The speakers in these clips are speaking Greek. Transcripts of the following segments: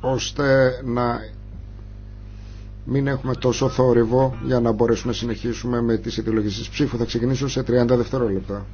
ώστε να μην έχουμε τόσο θόρυβο για να μπορέσουμε να συνεχίσουμε με τις της ψήφου. Θα ξεκινήσω σε 30 δευτερόλεπτα.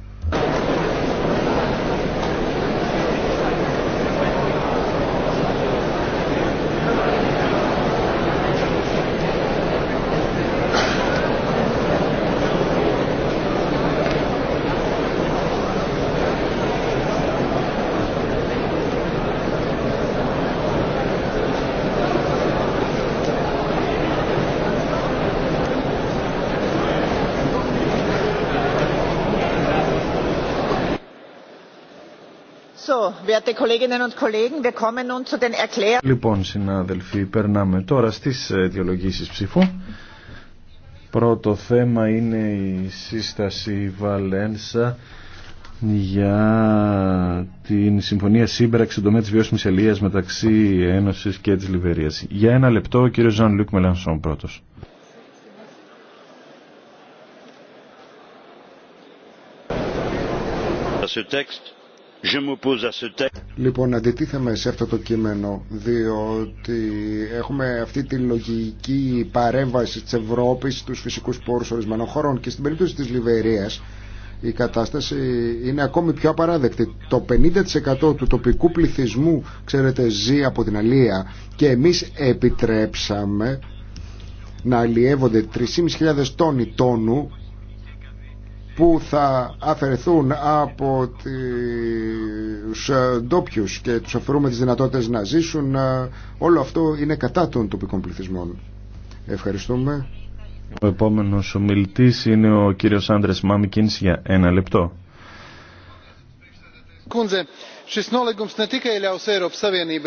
Λοιπόν, συνάδελφοι, περνάμε τώρα στις διολογήσεις ψήφου. Πρώτο θέμα είναι η σύσταση Βαλένσα για την Συμφωνία Σύμπραξη στον τομέα της βιώσιμης ελίας μεταξύ Ένωσης και της Λιβερίας. Για ένα λεπτό, ο κύριος Ζαν Λουκ Μελανσόν πρώτος. Σε Λοιπόν, αντιτίθεμαι σε αυτό το κείμενο, διότι έχουμε αυτή τη λογική παρέμβαση της Ευρώπης στους φυσικούς πόρους ορισμένων χωρών και στην περίπτωση της Λιβερίας η κατάσταση είναι ακόμη πιο απαράδεκτη. Το 50% του τοπικού πληθυσμού, ξέρετε, ζει από την αλία και εμείς επιτρέψαμε να αλλιεύονται 3.500 τόνοι τόνου που θα αφαιρεθούν από τους ε, ντόπιου και τους αφαιρούμε τις δυνατότητες να ζήσουν ε, όλο αυτό είναι κατά των τοπικών πληθυσμών Ευχαριστούμε Ο επόμενος ομιλητής είναι ο κύριος Άντρες Μάμικινς για ένα λεπτό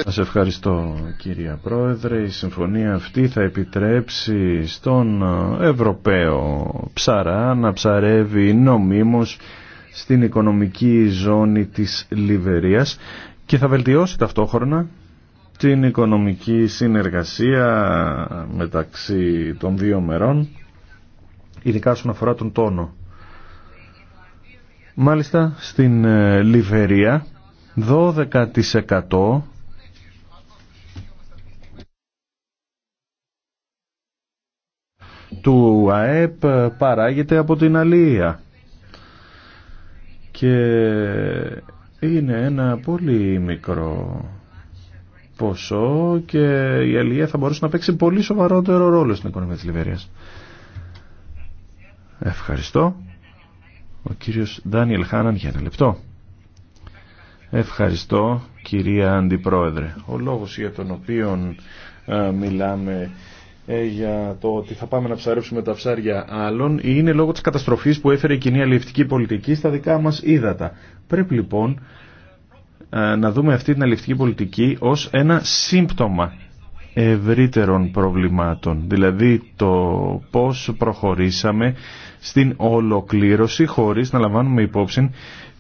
σας ευχαριστώ κυρία Πρόεδρε. Η συμφωνία αυτή θα επιτρέψει στον ε, Ευρωπαίο ψαρά να ψαρεύει νομίμως στην οικονομική ζώνη της Λιβερίας και θα βελτιώσει ταυτόχρονα την οικονομική συνεργασία μεταξύ των δύο μερών ειδικά όσον αφορά τον τόνο. Μάλιστα στην ε, Λιβερία 12% του ΑΕΠ παράγεται από την Αλία και είναι ένα πολύ μικρό ποσό και η Αλία θα μπορούσε να παίξει πολύ σοβαρότερο ρόλο στην οικονομία της Λιβερίας. Ευχαριστώ. Ο κύριος Ντάνιελ Χάναν για ένα λεπτό. Ευχαριστώ κυρία Αντιπρόεδρε. Ο λόγος για τον οποίο μιλάμε ε, για το ότι θα πάμε να ψαρέψουμε τα ψάρια άλλων είναι λόγω της καταστροφής που έφερε η κοινή αλληλευτική πολιτική στα δικά μας ύδατα. Πρέπει λοιπόν να δούμε αυτή την αλληλευτική πολιτική ως ένα σύμπτωμα ευρύτερων προβλημάτων. Δηλαδή το πώς προχωρήσαμε στην ολοκλήρωση χωρίς να λαμβάνουμε υπόψη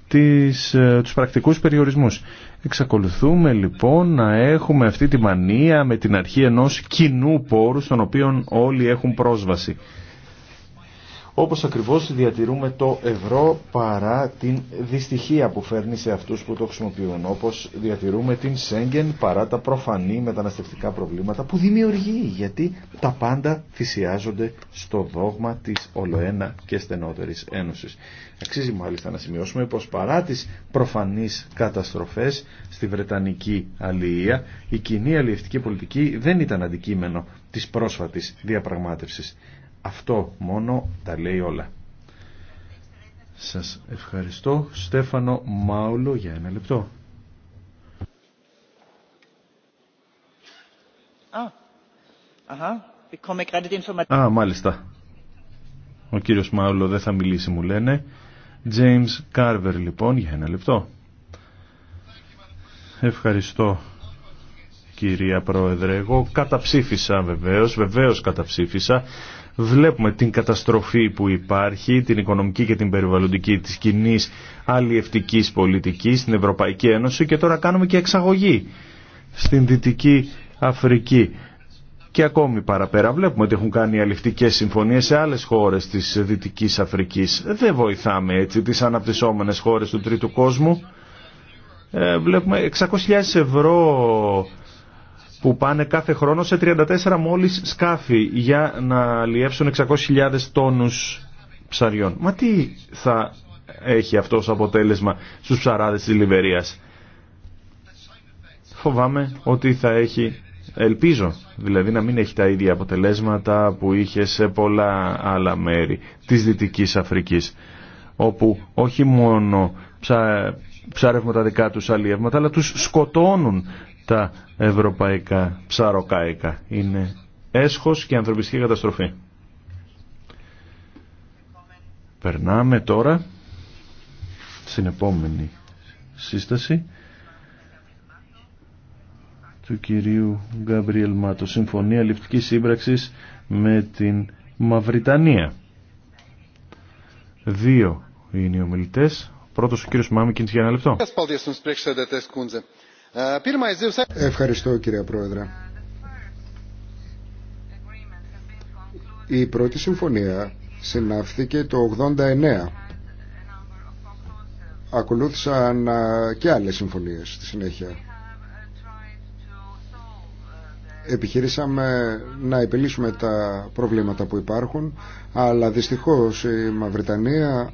τις, ε, τους πρακτικούς περιορισμούς. Εξακολουθούμε λοιπόν να έχουμε αυτή τη μανία με την αρχή ενός κοινού πόρου στον οποίο όλοι έχουν πρόσβαση όπως ακριβώς διατηρούμε το ευρώ παρά την δυστυχία που φέρνει σε αυτούς που το χρησιμοποιούν, όπως διατηρούμε την Σέγγεν παρά τα προφανή μεταναστευτικά προβλήματα που δημιουργεί, γιατί τα πάντα θυσιάζονται στο δόγμα της ολοένα και στενότερης ένωσης. Αξίζει μάλιστα να σημειώσουμε πως παρά τις προφανείς καταστροφές στη Βρετανική αλληλεία, η κοινή αλληλευτική πολιτική δεν ήταν αντικείμενο της πρόσφατης διαπραγμάτευσης. Αυτό μόνο τα λέει όλα. Σας ευχαριστώ. Στέφανο Μάουλο για ένα λεπτό. Α, μάλιστα. Ο κύριος Μάουλο δεν θα μιλήσει μου λένε. James Carver λοιπόν για ένα λεπτό. Ευχαριστώ κυρία Πρόεδρε. Εγώ καταψήφισα βεβαίως, βεβαίως καταψήφισα Βλέπουμε την καταστροφή που υπάρχει, την οικονομική και την περιβαλλοντική της κοινή αλλιευτικής πολιτικής στην Ευρωπαϊκή Ένωση και τώρα κάνουμε και εξαγωγή στην Δυτική Αφρική. Και ακόμη παραπέρα βλέπουμε ότι έχουν κάνει αλληλευτικές συμφωνίες σε άλλες χώρες της Δυτικής Αφρικής. Δεν βοηθάμε έτσι τις αναπτυσσόμενες χώρες του τρίτου κόσμου. Ε, βλέπουμε 600.000 ευρώ που πάνε κάθε χρόνο σε 34 μόλις σκάφη για να αλλιεύσουν 600.000 τόνους ψαριών. Μα τι θα έχει αυτό ως αποτέλεσμα στους ψαράδες της Λιβερίας. Φοβάμαι ότι θα έχει, ελπίζω δηλαδή να μην έχει τα ίδια αποτελέσματα που είχε σε πολλά άλλα μέρη της Δυτικής Αφρικής όπου όχι μόνο ψα... τα δικά τους αλλιεύματα αλλά τους σκοτώνουν τα ευρωπαϊκά ψαροκάικα. Είναι έσχος και ανθρωπιστική καταστροφή. Περνάμε τώρα στην επόμενη σύσταση του κυρίου Γκαμπριελ Μάτο. Συμφωνία ληφτικής σύμπραξης με την Μαυριτανία. Δύο είναι οι ομιλητές. Πρώτος ο κύριος Μάμικιντς για ένα λεπτό. Ε, ε. Ευχαριστώ κύριε Πρόεδρε. Η πρώτη συμφωνία συναφθήκε το 89. Ακολούθησαν ε, και άλλες συμφωνίες στη συνέχεια. Επιχειρήσαμε να επιλύσουμε τα προβλήματα που υπάρχουν, αλλά δυστυχώς η Μαυριτανία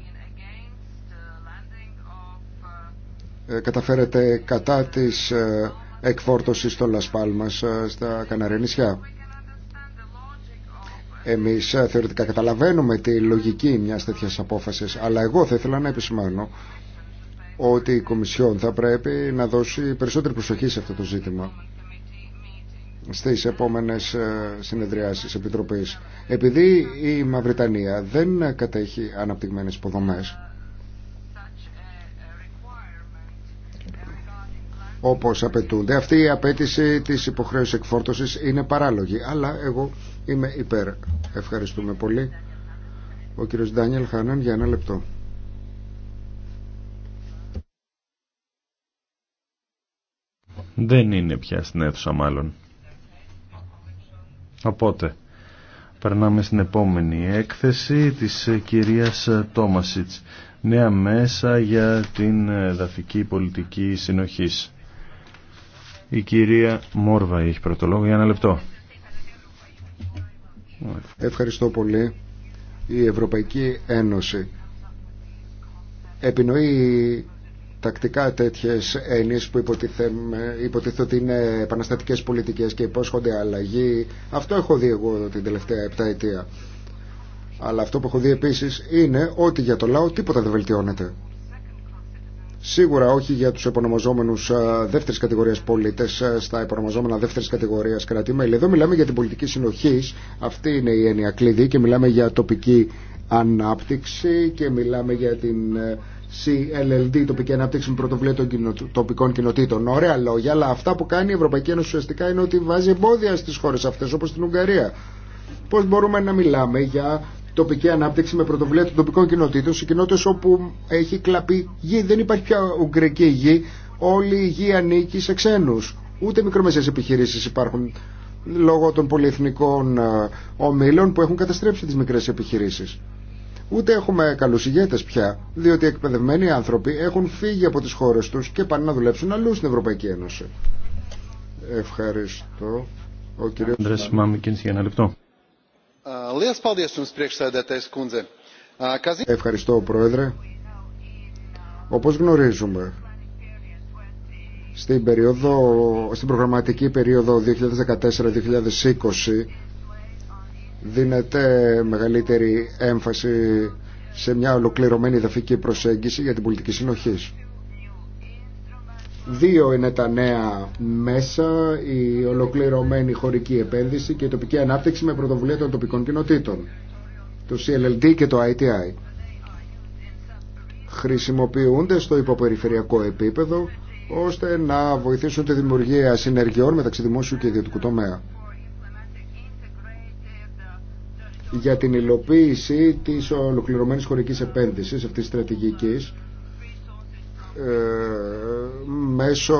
Ε, καταφέρεται κατά της ε, εκφόρτωσης των Λασπάλμας ε, στα Καναρία Εμείς θεωρητικά καταλαβαίνουμε τη λογική μιας τέτοιας απόφασης, αλλά εγώ θα ήθελα να επισημάνω ότι η Κομισιόν θα πρέπει να δώσει περισσότερη προσοχή σε αυτό το ζήτημα στις επόμενες συνεδριάσεις επιτροπής. Επειδή η Μαυριτανία δεν κατέχει αναπτυγμένες υποδομές, όπως απαιτούνται. Αυτή η απέτηση της υποχρέωσης εκφόρτωσης είναι παράλογη, αλλά εγώ είμαι υπέρ. Ευχαριστούμε πολύ. Ο κύριος Ντάνιελ Χάναν για ένα λεπτό. Δεν είναι πια στην αίθουσα μάλλον. Οπότε, περνάμε στην επόμενη έκθεση της κυρίας Τόμασιτς. Νέα μέσα για την δαφική πολιτική συνοχής. Η κυρία Μόρβα έχει πρώτο λόγο για ένα λεπτό. Ευχαριστώ πολύ. Η Ευρωπαϊκή Ένωση επινοεί τακτικά τέτοιες έννοιες που υποτίθεται ότι είναι επαναστατικές πολιτικές και υπόσχονται αλλαγή. Αυτό έχω δει εγώ την τελευταία επτά Αλλά αυτό που έχω δει επίσης είναι ότι για το λαό τίποτα δεν βελτιώνεται. Σίγουρα όχι για του επωνομαζόμενου ε, δεύτερης κατηγορία πολίτε ε, στα επωνομαζόμενα δεύτερης κατηγορίας κρατήμελη. Εδώ μιλάμε για την πολιτική συνοχή, αυτή είναι η έννοια κλειδί και μιλάμε για τοπική ανάπτυξη και μιλάμε για την ε, CLLD, τοπική ανάπτυξη με πρωτοβουλία των τοπικών κοινοτήτων. Ωραία λόγια, αλλά αυτά που κάνει η Ευρωπαϊκή Ένωση ουσιαστικά είναι ότι βάζει εμπόδια στι χώρε αυτέ όπω την Ουγγαρία. Πώ μπορούμε να μιλάμε για τοπική ανάπτυξη με πρωτοβουλία των τοπικών κοινοτήτων, σε κοινότητε όπου έχει κλαπεί γη. Δεν υπάρχει πια ουγγρική γη. Όλη η γη ανήκει σε ξένου. Ούτε μικρομεσαίε επιχειρήσει υπάρχουν λόγω των πολυεθνικών ε, ομίλων που έχουν καταστρέψει τι μικρέ επιχειρήσει. Ούτε έχουμε καλού ηγέτε πια, διότι εκπαιδευμένοι άνθρωποι έχουν φύγει από τι χώρε του και πάνε να δουλέψουν αλλού στην Ευρωπαϊκή Ένωση. Ευχαριστώ. Ο κύριος... για ένα λεπτό. Ευχαριστώ, Πρόεδρε. Όπως γνωρίζουμε, στην, περίοδο, στην προγραμματική περίοδο 2014-2020 δίνεται μεγαλύτερη έμφαση σε μια ολοκληρωμένη δαφική προσέγγιση για την πολιτική συνοχής. Δύο είναι τα νέα μέσα, η ολοκληρωμένη χωρική επένδυση και η τοπική ανάπτυξη με πρωτοβουλία των τοπικών κοινοτήτων, το CLLD και το ITI. Χρησιμοποιούνται στο υποπεριφερειακό επίπεδο ώστε να βοηθήσουν τη δημιουργία συνεργειών μεταξύ δημόσιου και ιδιωτικού τομέα για την υλοποίηση της ολοκληρωμένης χωρικής επένδυσης αυτής της στρατηγικής ε, μέσω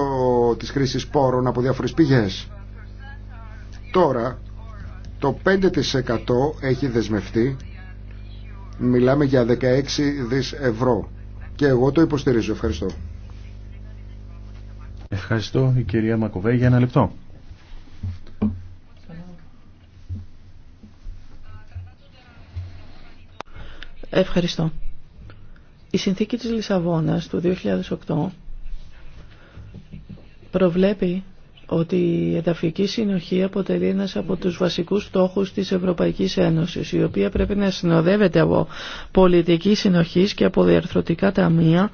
της χρήσης πόρων από διάφορες πηγές. Τώρα το 5% έχει δεσμευτεί, μιλάμε για 16 δις ευρώ και εγώ το υποστηρίζω. Ευχαριστώ. Ευχαριστώ η κυρία Μακοβέ για ένα λεπτό. Ευχαριστώ. Η συνθήκη της Λισαβόνας του 2008 προβλέπει ότι η εδαφική συνοχή αποτελεί ένας από τους βασικούς στόχους της Ευρωπαϊκής Ένωσης, η οποία πρέπει να συνοδεύεται από πολιτική συνοχής και από διαρθρωτικά ταμεία,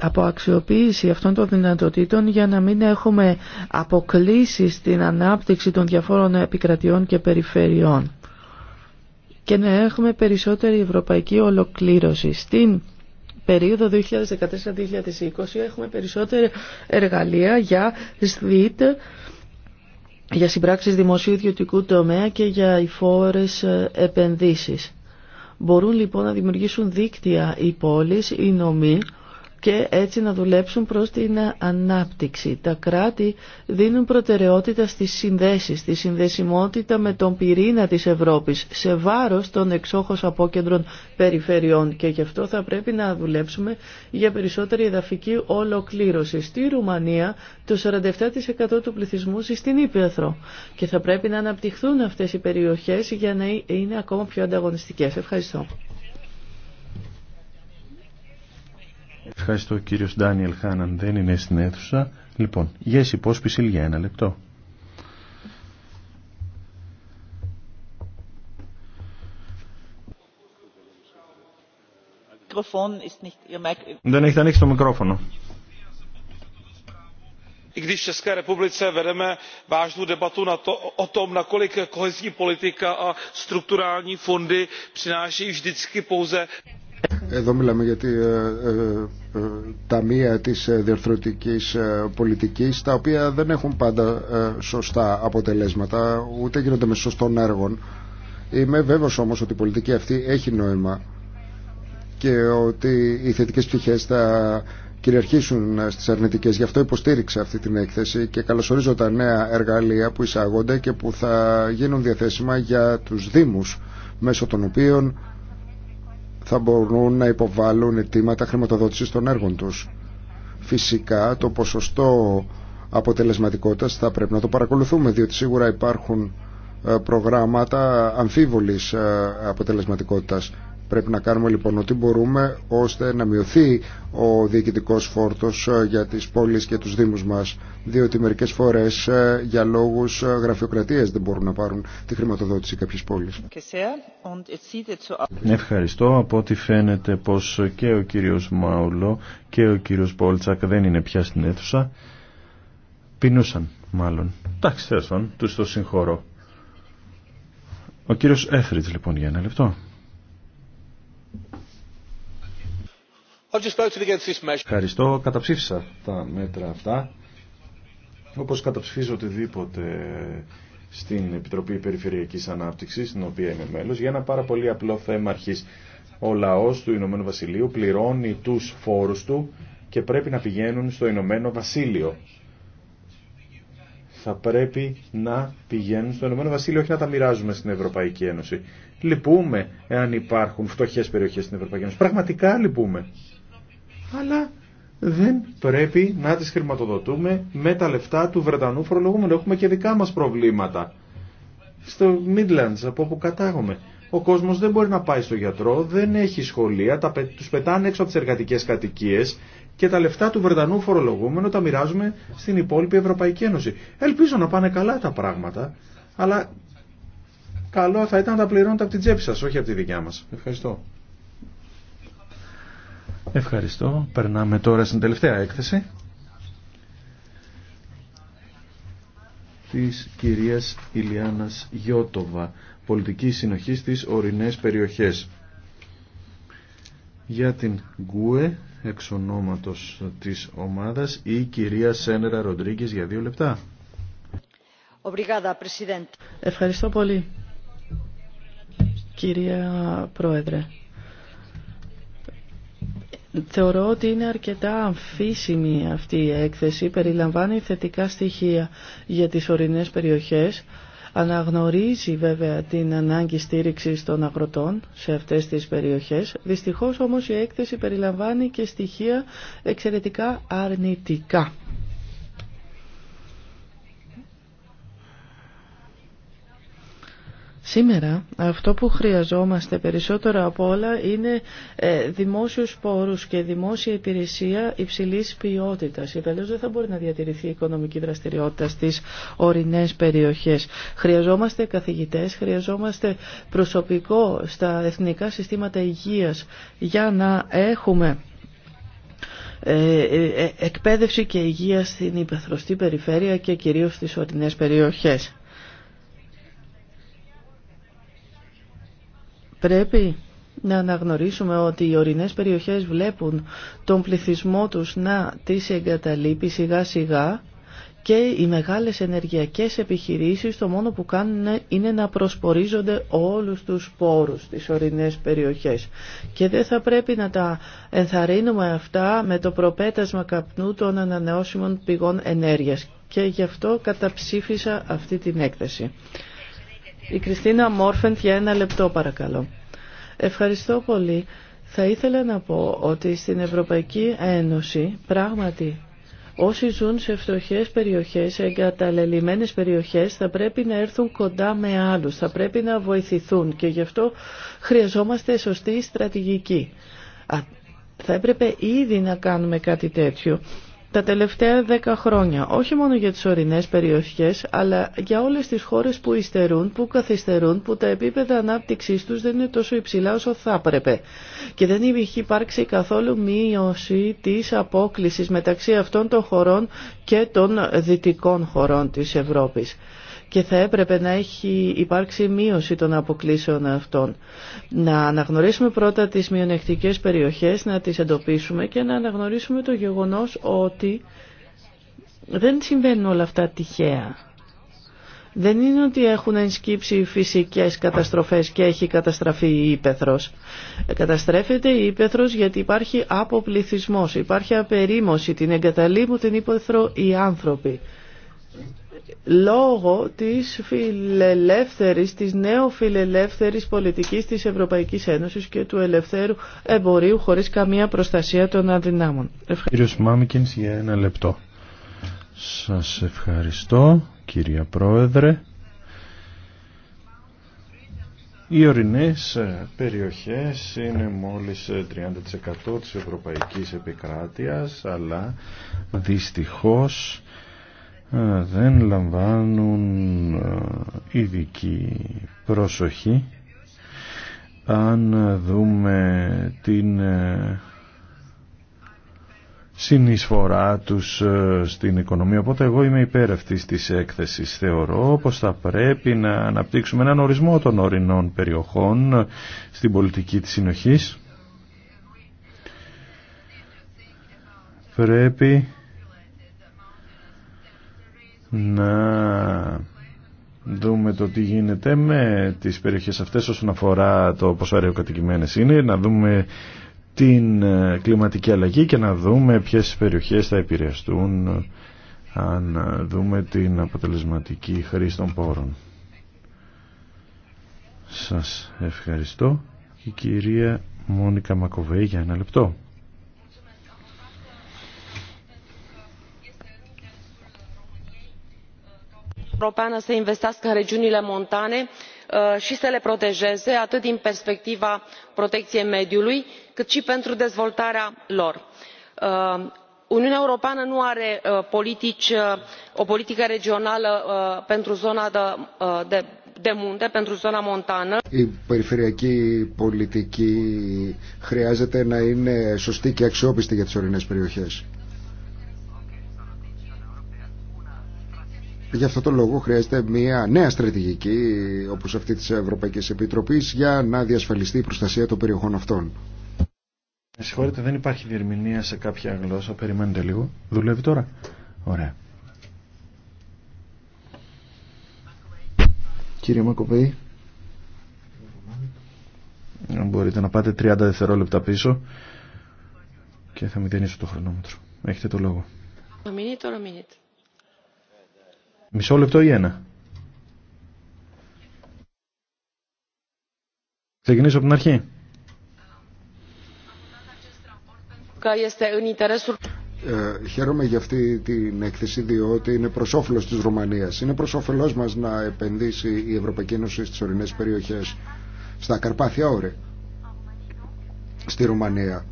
από αξιοποίηση αυτών των δυνατοτήτων για να μην έχουμε αποκλήσει στην ανάπτυξη των διαφόρων επικρατιών και περιφερειών και να έχουμε περισσότερη ευρωπαϊκή ολοκλήρωση. Στην περίοδο 2014-2020 έχουμε περισσότερα εργαλεία για ΣΔΙΤ, για συμπράξεις δημοσίου ιδιωτικού τομέα και για υφόρες επενδύσεις. Μπορούν λοιπόν να δημιουργήσουν δίκτυα οι πόλεις, οι νομοί, και έτσι να δουλέψουν προς την ανάπτυξη. Τα κράτη δίνουν προτεραιότητα στις συνδέσεις, στη συνδεσιμότητα με τον πυρήνα της Ευρώπης, σε βάρος των εξόχως απόκεντρων περιφερειών και γι' αυτό θα πρέπει να δουλέψουμε για περισσότερη εδαφική ολοκλήρωση. Στη Ρουμανία το 47% του πληθυσμού ζει στην Ήπεθρο και θα πρέπει να αναπτυχθούν αυτές οι περιοχές για να είναι ακόμα πιο ανταγωνιστικές. Ευχαριστώ. Ευχαριστώ κύριο Ντάνιελ Χάναν, δεν είναι στην αίθουσα. Λοιπόν, yes, υπόσπιση για ένα λεπτό. Δεν έχετε ανοίξει το μικρόφωνο. Εδώ μιλάμε για τη, ε, ε, ε, ταμεία της διαρθρωτικής πολιτικής τα οποία δεν έχουν πάντα σωστά αποτελέσματα ούτε γίνονται με σωστών έργων. Είμαι βέβαιος όμως ότι η πολιτική αυτή έχει νόημα και ότι οι θετικές πτυχές θα κυριαρχήσουν στις αρνητικές. Γι' αυτό υποστήριξα αυτή την έκθεση και καλωσορίζω τα νέα εργαλεία που εισάγονται και που θα γίνουν διαθέσιμα για τους Δήμους μέσω των οποίων θα μπορούν να υποβάλουν αιτήματα χρηματοδότησης των έργων τους. Φυσικά το ποσοστό αποτελεσματικότητας θα πρέπει να το παρακολουθούμε διότι σίγουρα υπάρχουν ε, προγράμματα αμφίβολης ε, αποτελεσματικότητας Πρέπει να κάνουμε λοιπόν ό,τι μπορούμε ώστε να μειωθεί ο διοικητικός φόρτος ε, για τις πόλεις και τους δήμους μας διότι μερικές φορές ε, για λόγους ε, γραφειοκρατίας δεν μπορούν να πάρουν τη χρηματοδότηση κάποιες πόλεις. Ευχαριστώ. Από ό,τι φαίνεται πως και ο κύριος Μάουλο και ο κύριος Πόλτσακ δεν είναι πια στην αίθουσα. Πεινούσαν μάλλον. Εντάξει, τους το συγχωρώ. Ο κύριος Έφριτς λοιπόν για ένα λεπτό. Ευχαριστώ. Καταψήφισα τα μέτρα αυτά. Όπως καταψηφίζω οτιδήποτε στην Επιτροπή Περιφερειακής Ανάπτυξης, στην οποία είμαι μέλος, για ένα πάρα πολύ απλό θέμα αρχής. Ο λαός του Ηνωμένου Βασιλείου πληρώνει τους φόρους του και πρέπει να πηγαίνουν στο Ηνωμένο Βασίλειο. Θα πρέπει να πηγαίνουν στο Ηνωμένο Βασίλειο, όχι να τα μοιράζουμε στην Ευρωπαϊκή Ένωση. Λυπούμε εάν υπάρχουν φτωχές περιοχές στην Ευρωπαϊκή Ένωση. Πραγματικά λυπούμε αλλά δεν πρέπει να τις χρηματοδοτούμε με τα λεφτά του Βρετανού φορολογούμενου. Έχουμε και δικά μας προβλήματα. Στο Midlands, από όπου κατάγομαι. Ο κόσμος δεν μπορεί να πάει στο γιατρό, δεν έχει σχολεία, τα, τους πετάνε έξω από τις εργατικές κατοικίες και τα λεφτά του Βρετανού φορολογούμενου τα μοιράζουμε στην υπόλοιπη Ευρωπαϊκή Ένωση. Ελπίζω να πάνε καλά τα πράγματα, αλλά καλό θα ήταν να τα πληρώνετε από την τσέπη σας, όχι από τη δικιά μας. Ευχαριστώ. Ευχαριστώ. Περνάμε τώρα στην τελευταία έκθεση της κυρίας Ηλιάνας Γιώτοβα, πολιτική συνοχή στις ορεινές περιοχές. Για την Γκουε, εξ ονόματος της ομάδας, η κυρία Σένερα Ροντρίγκης για δύο λεπτά. Ευχαριστώ πολύ, κυρία Πρόεδρε. Θεωρώ ότι είναι αρκετά αμφίσιμη αυτή η έκθεση, περιλαμβάνει θετικά στοιχεία για τις ορεινές περιοχές, αναγνωρίζει βέβαια την ανάγκη στήριξης των αγροτών σε αυτές τις περιοχές. Δυστυχώς όμως η έκθεση περιλαμβάνει και στοιχεία εξαιρετικά αρνητικά. Σήμερα αυτό που χρειαζόμαστε περισσότερο από όλα είναι ε, δημόσιους πόρους και δημόσια υπηρεσία υψηλής ποιότητας. Ιδαλλιώς δεν θα μπορεί να διατηρηθεί η οικονομική δραστηριότητα στις ορεινές περιοχές. Χρειαζόμαστε καθηγητές, χρειαζόμαστε προσωπικό στα εθνικά συστήματα υγείας για να έχουμε ε, ε, εκπαίδευση και υγεία στην υπεθροστή περιφέρεια και κυρίως στις ορεινές περιοχές. Πρέπει να αναγνωρίσουμε ότι οι ορεινές περιοχές βλέπουν τον πληθυσμό τους να τις εγκαταλείπει σιγά σιγά και οι μεγάλες ενεργειακές επιχειρήσεις το μόνο που κάνουν είναι να προσπορίζονται όλους τους πόρους στις ορεινές περιοχές. Και δεν θα πρέπει να τα ενθαρρύνουμε αυτά με το προπέτασμα καπνού των ανανεώσιμων πηγών ενέργειας. Και γι' αυτό καταψήφισα αυτή την έκθεση. Η Κριστίνα Μόρφεντ για ένα λεπτό παρακαλώ. Ευχαριστώ πολύ. Θα ήθελα να πω ότι στην Ευρωπαϊκή Ένωση πράγματι όσοι ζουν σε φτωχές περιοχές, σε εγκαταλελειμμένες περιοχές θα πρέπει να έρθουν κοντά με άλλους, θα πρέπει να βοηθηθούν και γι' αυτό χρειαζόμαστε σωστή στρατηγική. Θα έπρεπε ήδη να κάνουμε κάτι τέτοιο τα τελευταία δέκα χρόνια, όχι μόνο για τις ορεινές περιοχές, αλλά για όλες τις χώρες που υστερούν, που καθυστερούν, που τα επίπεδα ανάπτυξής τους δεν είναι τόσο υψηλά όσο θα έπρεπε. Και δεν υπήρχε υπάρξει καθόλου μείωση της απόκλησης μεταξύ αυτών των χωρών και των δυτικών χωρών της Ευρώπης και θα έπρεπε να έχει υπάρξει μείωση των αποκλήσεων αυτών. Να αναγνωρίσουμε πρώτα τις μειονεκτικές περιοχές, να τις εντοπίσουμε και να αναγνωρίσουμε το γεγονός ότι δεν συμβαίνουν όλα αυτά τυχαία. Δεν είναι ότι έχουν ενσκύψει φυσικές καταστροφές και έχει καταστραφεί η ύπεθρος. Καταστρέφεται η ύπεθρος γιατί υπάρχει αποπληθισμός, υπάρχει απερίμωση, την εγκαταλείμουν την ύπεθρο οι άνθρωποι λόγω της φιλελεύθερης, της νέο φιλελεύθερης πολιτικής της Ευρωπαϊκής Ένωσης και του ελευθέρου εμπορίου χωρίς καμία προστασία των αδυνάμων. Κύριος Μάμικινς για ένα λεπτό. Σας ευχαριστώ κυρία Πρόεδρε. Οι ορεινές περιοχές είναι μόλις 30% της ευρωπαϊκής επικράτειας, αλλά δυστυχώς δεν λαμβάνουν ειδική προσοχή αν δούμε την συνεισφορά τους στην οικονομία. Οπότε εγώ είμαι υπέρ αυτής της έκθεσης. Θεωρώ πως θα πρέπει να αναπτύξουμε έναν ορισμό των ορεινών περιοχών στην πολιτική της συνοχής. Πρέπει να δούμε το τι γίνεται με τις περιοχές αυτές όσον αφορά το πόσο αεροκατοικημένες είναι, να δούμε την ε, κλιματική αλλαγή και να δούμε ποιες περιοχές θα επηρεαστούν αν δούμε την αποτελεσματική χρήση των πόρων. Σας ευχαριστώ. Η κυρία Μόνικα Μακοβέη για ένα λεπτό. europeană să investească în regiunile montane și să le protejeze atât din perspectiva protecției mediului cât și pentru dezvoltarea lor. uniunea europeană nu are o politică regională pentru zona de munte pentru zona montană. Η περιφερειακή πολιτική χρειάζεται να είναι σωστή και αξιόπιστη Για αυτό το λόγο χρειάζεται μια νέα στρατηγική όπως αυτή της Ευρωπαϊκής Επιτροπής για να διασφαλιστεί η προστασία των περιοχών αυτών. συγχωρείτε, δεν υπάρχει διερμηνία σε κάποια γλώσσα. Περιμένετε λίγο. Δουλεύει τώρα. Ωραία. Κύριε Μακοβέη, μπορείτε να πάτε 30 δευτερόλεπτα πίσω και θα μηδενίσω το χρονόμετρο. Έχετε το λόγο. Μισό λεπτό ή ένα. Ξεκινήσω από την αρχή. Ε, χαίρομαι για αυτή την έκθεση διότι είναι προ όφελο τη Ρουμανία. Είναι προ όφελό μα να επενδύσει η Ευρωπαϊκή Ένωση στι ορεινέ περιοχέ, στα Καρπάθια Όρη, στη Ρουμανία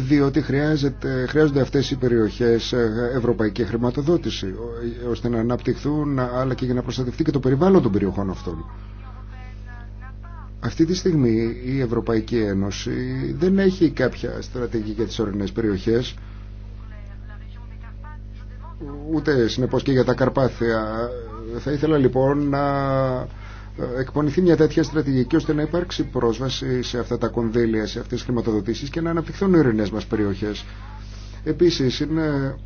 διότι χρειάζεται, χρειάζονται αυτές οι περιοχές ε, ευρωπαϊκή χρηματοδότηση ε, ώστε να αναπτυχθούν αλλά και για να προστατευτεί και το περιβάλλον των περιοχών αυτών. Αυτή τη στιγμή η Ευρωπαϊκή Ένωση δεν έχει κάποια στρατηγική για τις ορεινές περιοχές ούτε συνεπώς και για τα Καρπάθια. Θα ήθελα λοιπόν να εκπονηθεί μια τέτοια στρατηγική ώστε να υπάρξει πρόσβαση σε αυτά τα κονδύλια, σε αυτές τις χρηματοδοτήσεις και να αναπτυχθούν οι ειρηνές μας περιοχές. Επίσης, είναι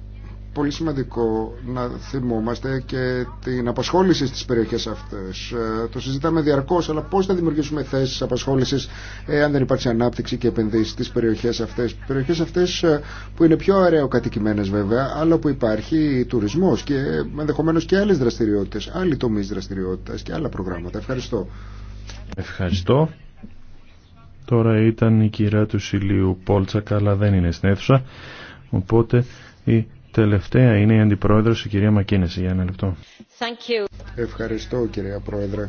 πολύ σημαντικό να θυμόμαστε και την απασχόληση στις περιοχές αυτές. Ε, το συζητάμε διαρκώς, αλλά πώς θα δημιουργήσουμε θέσεις απασχόλησης ε, αν δεν υπάρξει ανάπτυξη και επενδύσεις στις περιοχές αυτές. Περιοχές αυτές ε, που είναι πιο κατοικημένες βέβαια, αλλά που υπάρχει τουρισμός και ενδεχομένως και άλλες δραστηριότητες, άλλοι τομείς δραστηριότητας και άλλα προγράμματα. Ευχαριστώ. Ευχαριστώ. Τώρα ήταν η κυρά του Σιλίου Πόλτσακα, αλλά δεν είναι στην αίθουσα. Οπότε η Τελευταία είναι η Αντιπρόεδρος, η κυρία Μακίνεση, για ένα λεπτό. Thank you. Ευχαριστώ κυρία Πρόεδρε.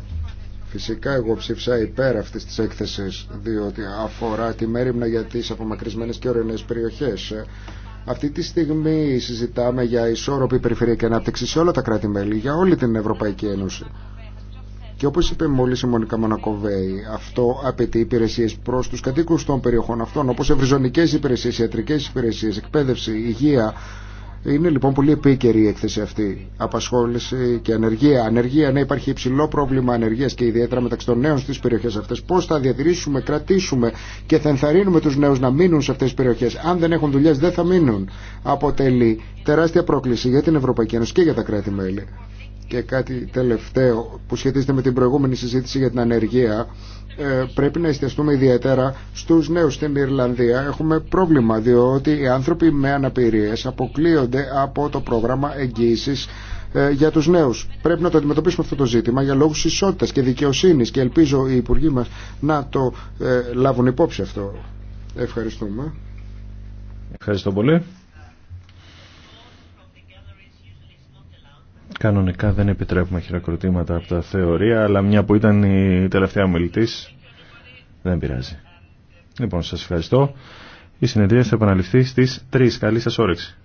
Φυσικά εγώ ψήφισα υπέρ αυτή τη έκθεση διότι αφορά τη μέρημνα για τι απομακρυσμένε και ορεινές περιοχέ. Αυτή τη στιγμή συζητάμε για ισόρροπη περιφερειακή ανάπτυξη σε όλα τα κράτη-μέλη, για όλη την Ευρωπαϊκή Ένωση. Και όπω είπε μόλι η Μονικά Μονακοβέη, αυτό απαιτεί υπηρεσίε προ του κατοίκου των περιοχών αυτών, όπω ευρυζωνικέ υπηρεσίε, ιατρικέ υπηρεσίε, εκπαίδευση, υγεία, είναι λοιπόν πολύ επίκαιρη η έκθεση αυτή. Απασχόληση και ανεργία. Ανεργία, να υπάρχει υψηλό πρόβλημα ανεργία και ιδιαίτερα μεταξύ των νέων στι περιοχέ αυτέ. Πώ θα διατηρήσουμε, κρατήσουμε και θα ενθαρρύνουμε του νέου να μείνουν σε αυτέ τι περιοχέ. Αν δεν έχουν δουλειέ, δεν θα μείνουν. Αποτελεί τεράστια πρόκληση για την Ευρωπαϊκή Ένωση και για τα κράτη-μέλη. Και κάτι τελευταίο που σχετίζεται με την προηγούμενη συζήτηση για την ανεργία ε, πρέπει να εστιαστούμε ιδιαίτερα στους νέους στην Ιρλανδία. Έχουμε πρόβλημα διότι οι άνθρωποι με αναπηρίες αποκλείονται από το πρόγραμμα εγγύησης ε, για τους νέους. Πρέπει να το αντιμετωπίσουμε αυτό το ζήτημα για λόγους ισότητας και δικαιοσύνης και ελπίζω οι υπουργοί μας να το ε, λάβουν υπόψη αυτό. Ευχαριστούμε. Ευχαριστώ πολύ. Κανονικά δεν επιτρέπουμε χειροκροτήματα από τα θεωρία, αλλά μια που ήταν η τελευταία ομιλητή, δεν πειράζει. Λοιπόν, σας ευχαριστώ. Η συνεδρία θα επαναληφθεί στις 3. Καλή σας όρεξη.